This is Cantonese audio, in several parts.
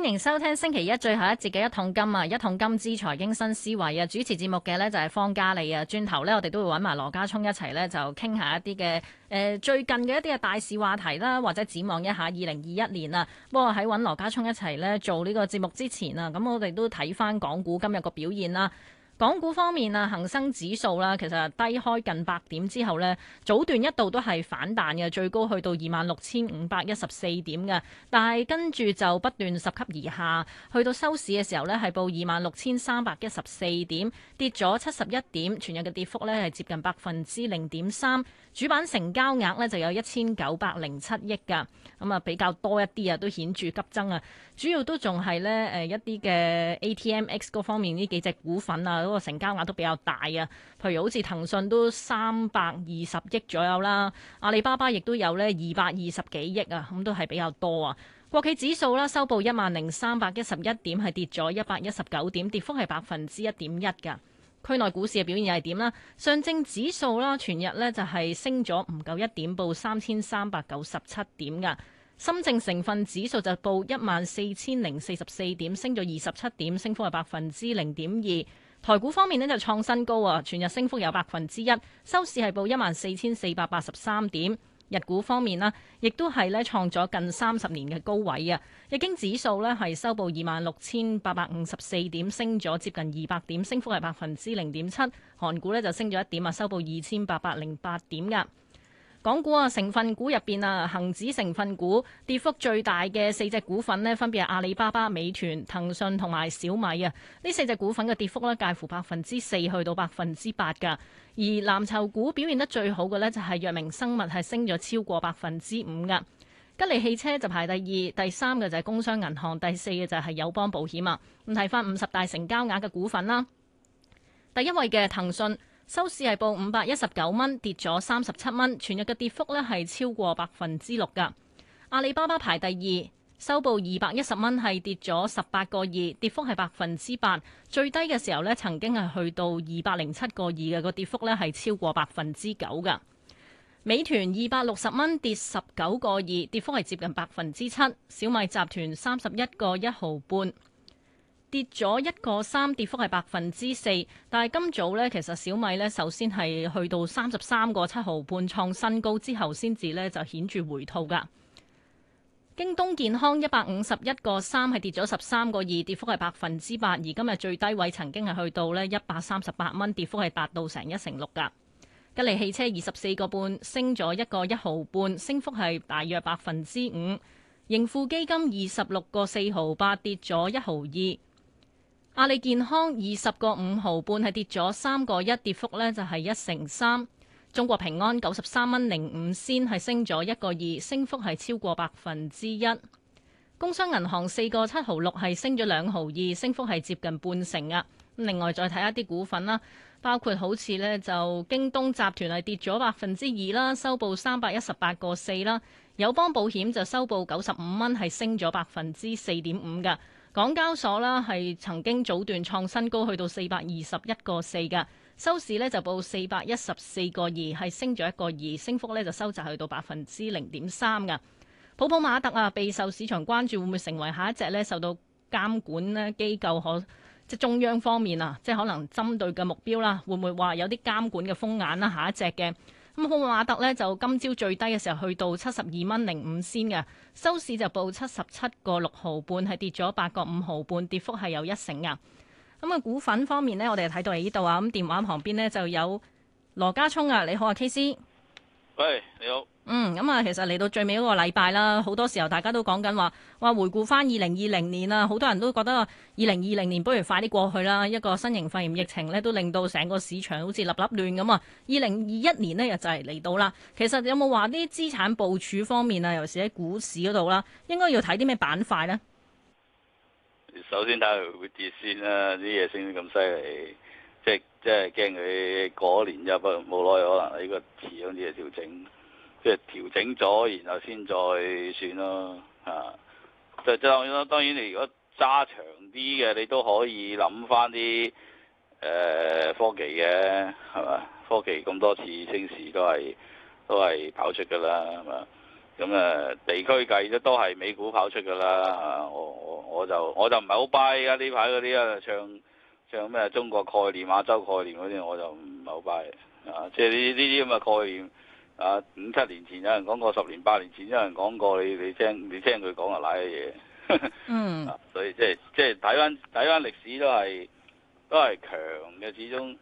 歡迎收聽星期一最後一節嘅一桶金啊！一桶金之財經新思維啊！主持節目嘅呢就係方嘉莉啊，轉頭呢，我哋都會揾埋羅家聰一齊呢，就傾下一啲嘅誒最近嘅一啲嘅大事話題啦，或者展望一下二零二一年啊。不過喺揾羅家聰一齊呢做呢個節目之前啊，咁我哋都睇返港股今日個表現啦。港股方面啊，恒生指數啦，其實低開近百點之後咧，早段一度都係反彈嘅，最高去到二萬六千五百一十四點嘅，但係跟住就不斷十級而下，去到收市嘅時候咧係報二萬六千三百一十四點，跌咗七十一點，全日嘅跌幅咧係接近百分之零點三，主板成交額咧就有一千九百零七億嘅，咁啊比較多一啲啊，都顯著急增啊，主要都仲係呢誒一啲嘅 ATMX 嗰方面呢幾隻股份啊。個成交額都比較大啊，譬如好似騰訊都三百二十億左右啦，阿里巴巴亦都有呢二百二十幾億啊，咁都係比較多啊。國企指數啦，收報一萬零三百一十一點，係跌咗一百一十九點，跌幅係百分之一點一㗎。區內股市嘅表現又係點呢？上證指數啦，全日呢就係升咗唔夠一點，報三千三百九十七點㗎。深證成分指數就報一萬四千零四十四點，升咗二十七點，升幅係百分之零點二。台股方面咧就創新高，全日升幅有百分之一，收市係報一萬四千四百八十三點。日股方面啦，亦都係咧創咗近三十年嘅高位啊！日經指數咧係收報二萬六千八百五十四點，升咗接近二百點，升幅係百分之零點七。韓股咧就升咗一點啊，收報二千八百零八點噶。港股啊，成分股入邊啊，恆指成分股跌幅最大嘅四隻股份呢，分別係阿里巴巴、美團、騰訊同埋小米啊。呢四隻股份嘅跌幅呢，介乎百分之四去到百分之八噶。而藍籌股表現得最好嘅呢，就係藥明生物係升咗超過百分之五噶。吉利汽車就排第二、第三嘅就係工商銀行，第四嘅就係友邦保險啊。咁睇翻五十大成交額嘅股份啦，第一位嘅騰訊。收市係報五百一十九蚊，跌咗三十七蚊，全日嘅跌幅咧係超過百分之六噶。阿里巴巴排第二，收報二百一十蚊，係跌咗十八個二，跌幅係百分之八。最低嘅時候咧，曾經係去到二百零七個二嘅，嗰個跌幅咧係超過百分之九噶。美團二百六十蚊，跌十九個二，跌幅係接近百分之七。小米集團三十一個一毫半。跌咗一個三，跌幅係百分之四。但係今早呢，其實小米呢首先係去到三十三個七毫半創新高之後，先至呢就顯著回吐噶。京東健康一百五十一個三係跌咗十三個二，跌幅係百分之八。而今日最低位曾經係去到呢一百三十八蚊，跌幅係八到成一成六噶。吉利汽車二十四個半升咗一個一毫半，升幅係大約百分之五。盈富基金二十六個四毫八跌咗一毫二。阿里健康二十個五毫半係跌咗三個一，跌, 1，跌幅呢就係一成三。中國平安九十三蚊零五仙係升咗一個二，升, 2，升幅係超過百分之一。工商銀行四個七毫六係升咗兩毫二，升, 2. 2，升幅係接近半成啊。咁另外再睇一啲股份啦，包括好似呢就京東集團係跌咗百分之二啦，收報三百一十八個四啦。友邦保險就收報九十五蚊，係升咗百分之四點五㗎。港交所啦，係曾經早段創新高，去到四百二十一個四㗎，收市呢就報四百一十四個二，係升咗一個二，升幅呢就收窄去到百分之零點三㗎。泡泡瑪特啊，備受市場關注，會唔會成為下一隻咧受到監管呢？機構可即中央方面啊，即係可能針對嘅目標啦，會唔會話有啲監管嘅風眼啦？下一隻嘅。咁好，嗯、馬特咧就今朝最低嘅時候去到七十二蚊零五先嘅，收市就報七十七個六毫半，係跌咗八個五毫半，跌幅係有一成噶。咁、嗯、啊，股份方面呢，我哋睇到嚟呢度啊。咁電話旁邊呢，就有羅家聰啊，你好啊，KC。喂，你好。嗯，咁啊，其實嚟到最尾嗰個禮拜啦，好多時候大家都講緊話，話回顧翻二零二零年啦，好多人都覺得二零二零年不如快啲過去啦。一個新型肺炎疫情咧，都令到成個市場好似粒粒亂咁啊。二零二一年呢，又就嚟嚟到啦。其實有冇話啲資產部署方面啊，尤其是喺股市嗰度啦，應該要睇啲咩板塊呢？首先睇下會跌先啦，啲嘢升得咁犀利。即係即係驚佢過年入啊，冇耐可能呢個遲啲嘅調整，即係調整咗，然後先再算咯嚇。就，就當然當然你如果揸長啲嘅，你都可以諗翻啲誒科技嘅係嘛？科技咁多次升市都係都係跑出㗎啦嘛。咁啊地區計都都係美股跑出㗎啦。我我我就我就唔係好 buy 啊，呢排嗰啲啊唱。像咩中國概念、亞洲概念嗰啲，我就唔好買啊！即係呢啲咁嘅概念啊，五七年前有人講過，十年八年前有人講過，你你聽你聽佢講就賴嘅嘢。嗯、 mm. 啊。所以即係即係睇翻睇翻歷史都係都係強嘅，始終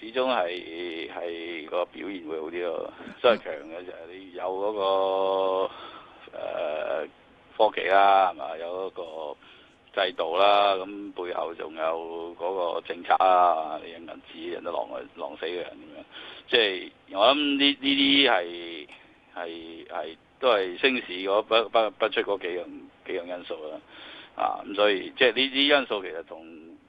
始終係係個表現會好啲咯。所以強嘅就係你有嗰、那個、呃、科技啦，係嘛？有嗰、那個。制度啦，咁背後仲有嗰個政策啊，你印銀紙人都浪啊浪死嘅人咁樣，即係我諗呢呢啲係係係都係升市嗰不不不出嗰幾樣幾樣因素啦，啊咁所以即係呢啲因素其實同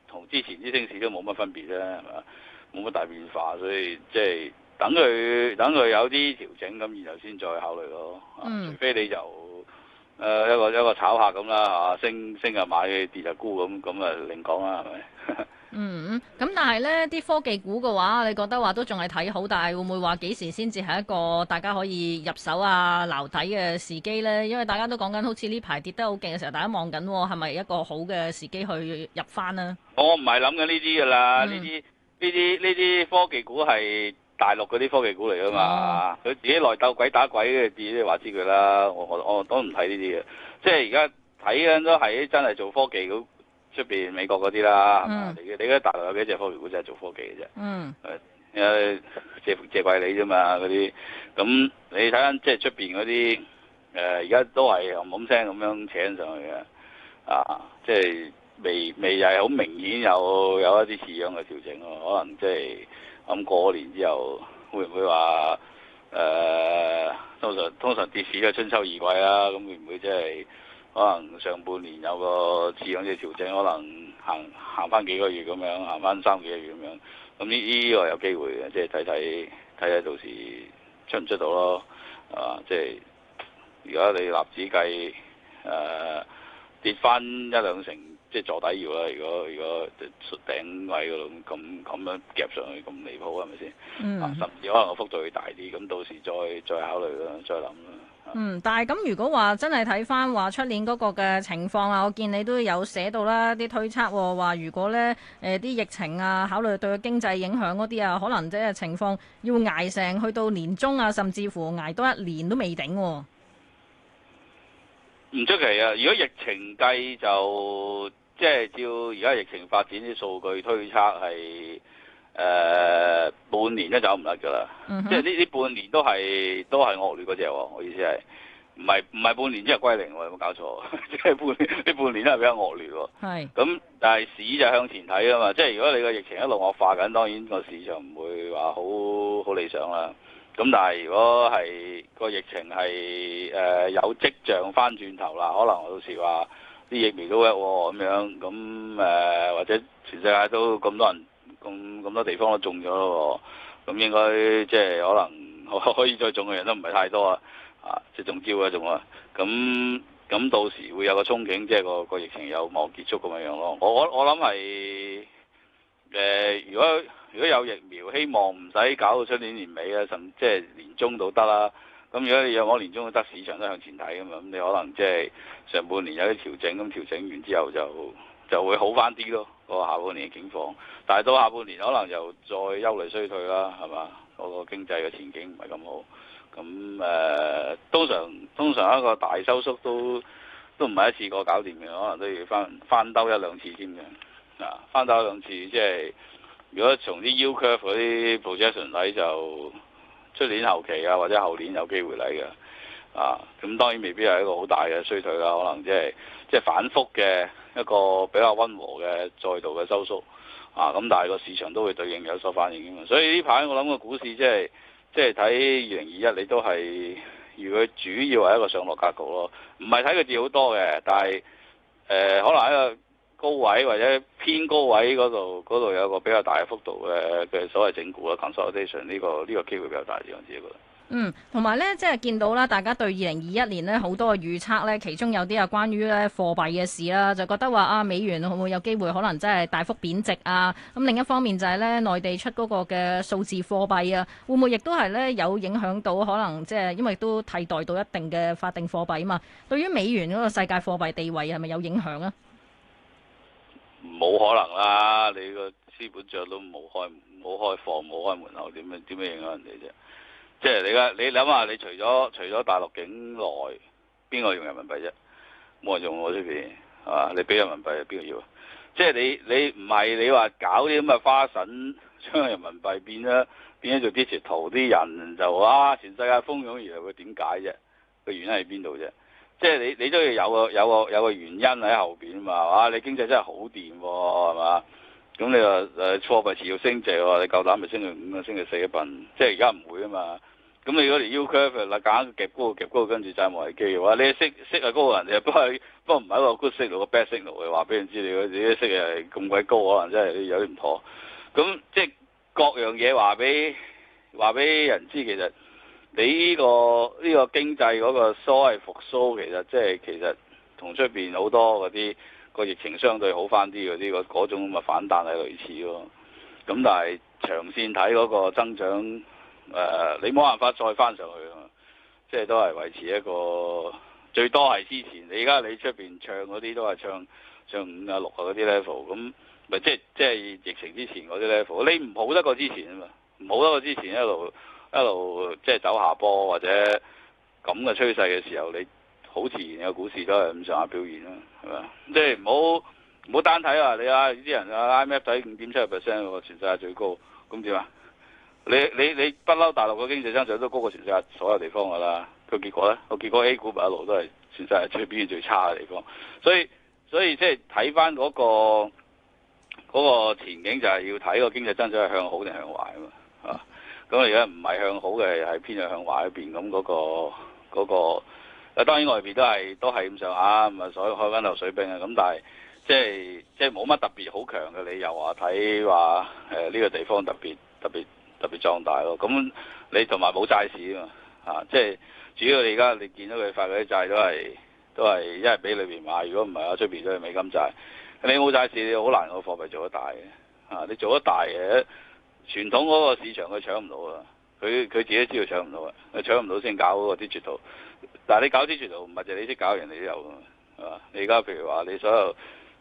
同之前啲升市都冇乜分別啫，係嘛？冇乜大變化，所以即係等佢等佢有啲調整咁，然後先再考慮咯，除非你就。誒一個一個炒客咁啦嚇，升升就買，跌就沽咁咁啊，另講啦，係咪？ 嗯，咁但係咧，啲科技股嘅話，你覺得話都仲係睇好，但係會唔會話幾時先至係一個大家可以入手啊、撈底嘅時機咧？因為大家都講緊好似呢排跌得好勁嘅時候，大家望緊係咪一個好嘅時機去入翻啊？我唔係諗緊呢啲㗎啦，呢啲呢啲呢啲科技股係。大陸嗰啲科技股嚟㗎嘛，佢、啊、自己內鬥鬼打鬼嘅嘢，你話知佢啦。我我我都唔睇呢啲嘅，即係而家睇緊都係真係做科技出邊美國嗰啲啦。嗯、你你而家大陸有幾隻科技股真係做科技嘅啫？誒誒、嗯，借借貴你啫嘛嗰啲。咁、嗯、你睇緊即係出邊嗰啲誒，而、呃、家都係冇冇聲咁樣請上去嘅。啊，即係未未係好明顯有有一啲似樣嘅調整咯，可能即係。咁過年之後會唔會話誒、呃？通常通常跌市都係春秋二季啦、啊。咁會唔會即、就、係、是、可能上半年有個似樣嘅調整，可能行行翻幾個月咁樣，行翻三幾個月咁樣。咁呢呢個有機會嘅，即係睇睇睇下到時出唔出到咯。啊，即係如果你立指計誒、啊、跌翻一兩成。即係坐底要啦，如果如果出頂位度，咁咁樣夾上去咁離譜，係咪先？甚至可能個幅度會大啲，咁到時再再考慮啦，再諗啦。嗯，但係咁如果話真係睇返話出年嗰個嘅情況啊，我見你都有寫到啦，啲推測話如果咧誒啲疫情啊，考慮對經濟影響嗰啲啊，可能即係情況要捱成去到年中啊，甚至乎捱多一年都未頂喎、哦。唔出奇啊！如果疫情計就即係照而家疫情發展啲數據推測，係誒、呃半，mm hmm. 半年都走唔甩噶啦，即係呢呢半年都係都係惡劣嗰隻喎。我意思係唔係唔係半年即係歸零喎、啊？有冇搞錯？ 即係半呢 半年都係比較惡劣喎、啊。咁、mm hmm. 但係市就向前睇啊嘛，即係如果你個疫情一路惡化緊，當然個市場唔會話好好理想啦。咁但係如果係、個疫情係誒、呃、有跡象翻轉頭啦，可能到時話啲疫苗都得喎，咁樣咁誒、呃、或者全世界都咁多人咁咁多地方都中咗喎，咁應該即係可能 可以再中嘅人都唔係太多啊，啊即係中招啊中啊，咁咁到時會有個憧憬，即係個個疫情有望結束咁樣樣咯。我我我諗係。誒、呃，如果如果有疫苗，希望唔使搞到出年年尾啊，甚即係年終都得啦。咁如果你有我年終都得，市場都向前睇噶嘛，咁你可能即係上半年有啲調整，咁調整完之後就就會好翻啲咯。那個下半年嘅情況，但係到下半年可能又再憂慮衰退啦，係嘛？嗰、那個經濟嘅前景唔係咁好。咁誒、呃，通常通常一個大收縮都都唔係一次過搞掂嘅，可能都要翻翻兜一兩次先嘅。嗱，翻斗兩次即係，如果從啲 U curve 嗰啲 projection 睇就出年後期啊，或者後年有機會嚟嘅啊。咁當然未必係一個好大嘅衰退啦、啊，可能即係即係反覆嘅一個比較溫和嘅再度嘅收縮啊。咁但係個市場都會對應有所反應嘅嘛。所以呢排我諗個股市即係即係睇二零二一，即係、你都係如果主要係一個上落格局咯，唔係睇佢跌好多嘅，但係誒、呃、可能喺個位或者偏高位嗰度，嗰度有個比較大嘅幅度嘅嘅所謂整固啦。consolidation 呢個呢個機會比較大啲，我嗯，同埋呢，即係見到啦，大家對二零二一年呢好多嘅預測呢，其中有啲啊關於呢貨幣嘅事啦，就覺得話啊美元會唔會有機會可能真係大幅貶值啊？咁另一方面就係呢，內地出嗰個嘅數字貨幣啊，會唔會亦都係呢有影響到，可能即係因為都替代到一定嘅法定貨幣啊嘛？對於美元嗰個世界貨幣地位係咪有影響啊？冇可能啦！你個資本帳都冇開冇開放冇開門口，點樣點樣影響人哋啫？即係你嘅你諗下，你，想想你除咗除咗大陸境內，邊個用人民幣啫？冇人用喎出邊，係、啊、嘛？你俾人民幣，邊個要啊？即係你你唔係你話搞啲咁嘅花臣將人民幣變咗變咗做 digital，啲人就啊全世界蜂擁而嚟，會點解啫？個原因喺邊度啫？即係你，你都要有個有個有個原因喺後邊嘛，哇、啊！你經濟真係好掂喎，係嘛？咁你話誒持續要升值喎、啊，你夠膽咪升到五啊，升到四一份？即係而家唔會啊嘛。咁你如果嚟 U curve 啦，揀夾高夾高，跟住債務危機嘅話，你息息啊高啊，人哋不係不唔係一個 good signal 個 bad signal 嚟，話俾人知你嗰啲息係咁鬼高，可能真係有啲唔妥。咁即係各樣嘢話俾話俾人知，其實。你依、這個呢、這個經濟嗰個所謂復甦，其實即、就、係、是、其實同出邊好多嗰啲個疫情相對好翻啲嗰啲個嗰種咁嘅反彈係類似咯。咁但係長線睇嗰個增長，誒、呃、你冇辦法再翻上去啊！嘛？即係都係維持一個最多係之前。你而家你出邊唱嗰啲都係唱唱五啊六啊嗰啲 level，咁咪即即係疫情之前嗰啲 level。你唔好得過之前啊嘛，唔好得過之前一路。一路即係走下坡或者咁嘅趨勢嘅時候，你好自然嘅股市都係咁上下表現啦，係嘛？即係唔好唔好單睇啊！你啊啲人啊，IMF 仔，五點七二 percent，我全世界最高，咁點啊？你你你不嬲大陸嘅經濟增長都高過全世界所有地方噶啦，個結果咧？個結,結果 A 股咪一路都係全世界最表現最,最差嘅地方，所以所以即係睇翻嗰個、嗰個前景就係要睇個經濟增長係向好定向壞啊嘛，係咁而家唔係向好嘅，係偏向向壞一邊。咁嗰個嗰個，啊當然外邊都係都係咁上下，咪所以開翻頭水兵啊。咁但係即係即係冇乜特別好強嘅理由話睇話誒呢個地方特別特別特別壯大咯。咁你同埋冇債市啊嘛，啊即係主要你而家你見到佢發嗰啲債都係都係一係俾裏邊買，如果唔係啊出邊都係美金債。你冇債市，你好難個貨幣做得大嘅。啊，你做得大嘅。傳統嗰個市場佢搶唔到啊！佢佢自己知道搶唔到啊！佢搶唔到先搞嗰個 digital。但係你搞 digital，唔係就你識搞人，人哋都有啊！你而家譬如話你所有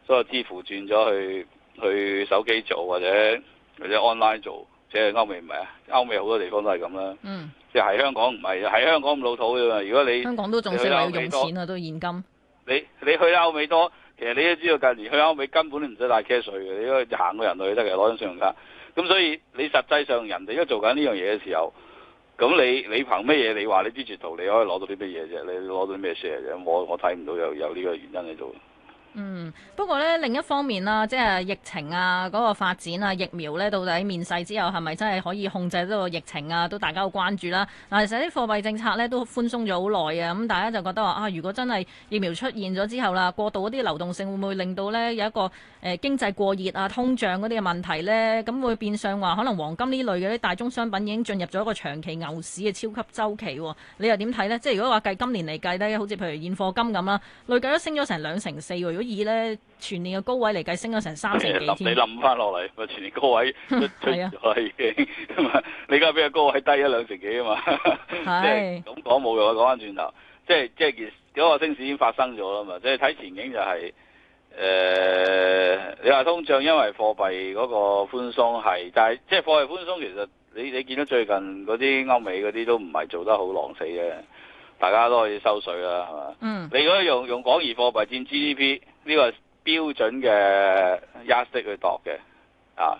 所有支付轉咗去去手機做或者或者 online 做，即係歐美唔係啊？歐美好多地方都係咁啦。嗯。即係喺香港唔係啊！喺香港咁老土啫嘛！如果你香港都仲識用錢啊，都現金。你你去歐美多，其實你都知道近年去歐美根本都唔使帶 cash 嘅，你去行個人類得嘅攞張信用卡。咁所以你實際上人哋都做緊呢樣嘢嘅時候，咁你你憑乜嘢？你話你 digital，你可以攞到啲乜嘢啫？你攞到啲咩 share 啫？我我睇唔到有有呢個原因去做。嗯，不過呢，另一方面啦，即係疫情啊嗰、嗰個發展啊，疫苗呢，到底面世之後係咪真係可以控制呢個疫情啊？都大家好關注啦。嗱，其實啲貨幣政策呢，都寬鬆咗好耐啊，咁、嗯、大家就覺得話啊，如果真係疫苗出現咗之後啦，過度嗰啲流動性會唔會令到呢有一個誒、呃、經濟過熱啊、通脹嗰啲嘅問題呢？咁、嗯、會變相話可能黃金呢類嘅啲大宗商品已經進入咗一個長期牛市嘅超級週期喎、哦？你又點睇呢？即係如果話計今年嚟計呢，好似譬如現貨金咁啦，累計都升咗成兩成四個。以咧全年嘅高位嚟計，升咗成三成幾， 你冧翻落嚟，咪全年高位出咗、 啊、已經。你而家俾個高位低一兩成幾啊嘛？即咁講冇用，講翻轉頭，即係即係件嗰個升市已經發生咗啦嘛。即係睇前景就係、是、誒、呃，你話通脹，因為貨幣嗰個寬鬆係，但係即係貨幣寬鬆，就是、其實你你見到最近嗰啲歐美嗰啲都唔係做得好狼死嘅，大家都可以收水啦，係嘛？嗯、你如果用用廣義貨幣佔 GDP。呢個標準嘅壓息去度嘅，啊，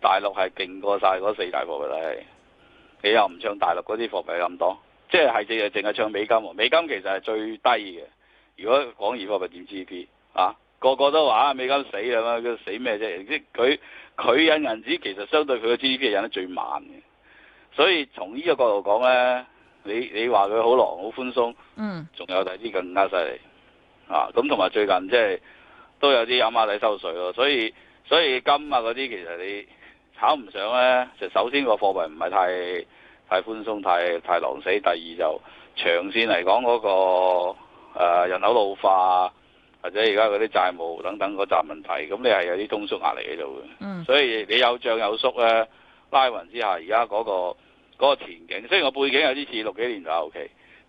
大陸係勁過晒嗰四大貨嘅，係、哎、你又唔唱大陸嗰啲貨幣咁多，即係係淨係淨係唱美金，美金其實係最低嘅。如果廣義貨幣佔 GDP，啊，個個都話美金死嘛，佢死咩啫？佢佢印銀紙其實相對佢嘅 GDP 印得最慢嘅，所以從呢個角度講咧，你你話佢好狼、好寬鬆，嗯，仲有第二啲更加犀利。啊，咁同埋最近即、就、係、是、都有啲阿媽仔收水咯，所以所以金啊嗰啲其實你炒唔上咧，就首先個貨幣唔係太太寬鬆，太太狼死。第二就是、長線嚟講嗰個、呃、人口老化，或者而家嗰啲債務等等嗰集問題，咁你係有啲通縮壓力喺度嘅。嗯。所以你有漲有縮咧，拉勻之下、那個，而家嗰個前景，雖然個背景有啲似六幾年嘅後期。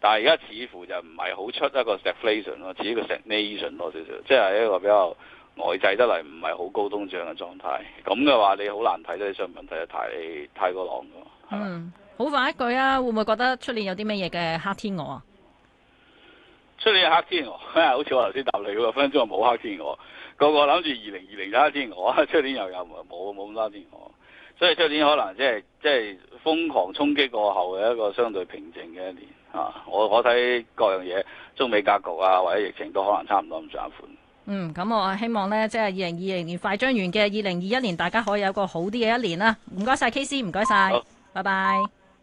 但係而家似乎就唔係好出一個 stagflation 咯，只係個 stagnation 多少少，即係一個比較呆滯得嚟，唔係好高通脹嘅狀態。咁嘅話你，你好難睇得啲上問題太太過浪㗎。嗯，好快一句啊，會唔會覺得出年有啲咩嘢嘅黑天鵝啊？出年黑天鵝，好似我頭先答你、個分鐘冇黑天鵝，個個諗住二零二零有黑天鵝，出年又，又有冇冇咁多黑天鵝？所以出年可能即係即係瘋狂衝擊過後嘅一個相對平靜嘅一年。啊！我我睇各樣嘢，中美格局啊，或者疫情都可能差唔多咁上款。嗯，咁我希望咧，即係二零二零年快將完嘅二零二一年，大家可以有個好啲嘅一年啦。唔該晒，KC，唔該晒，拜拜好。Bye bye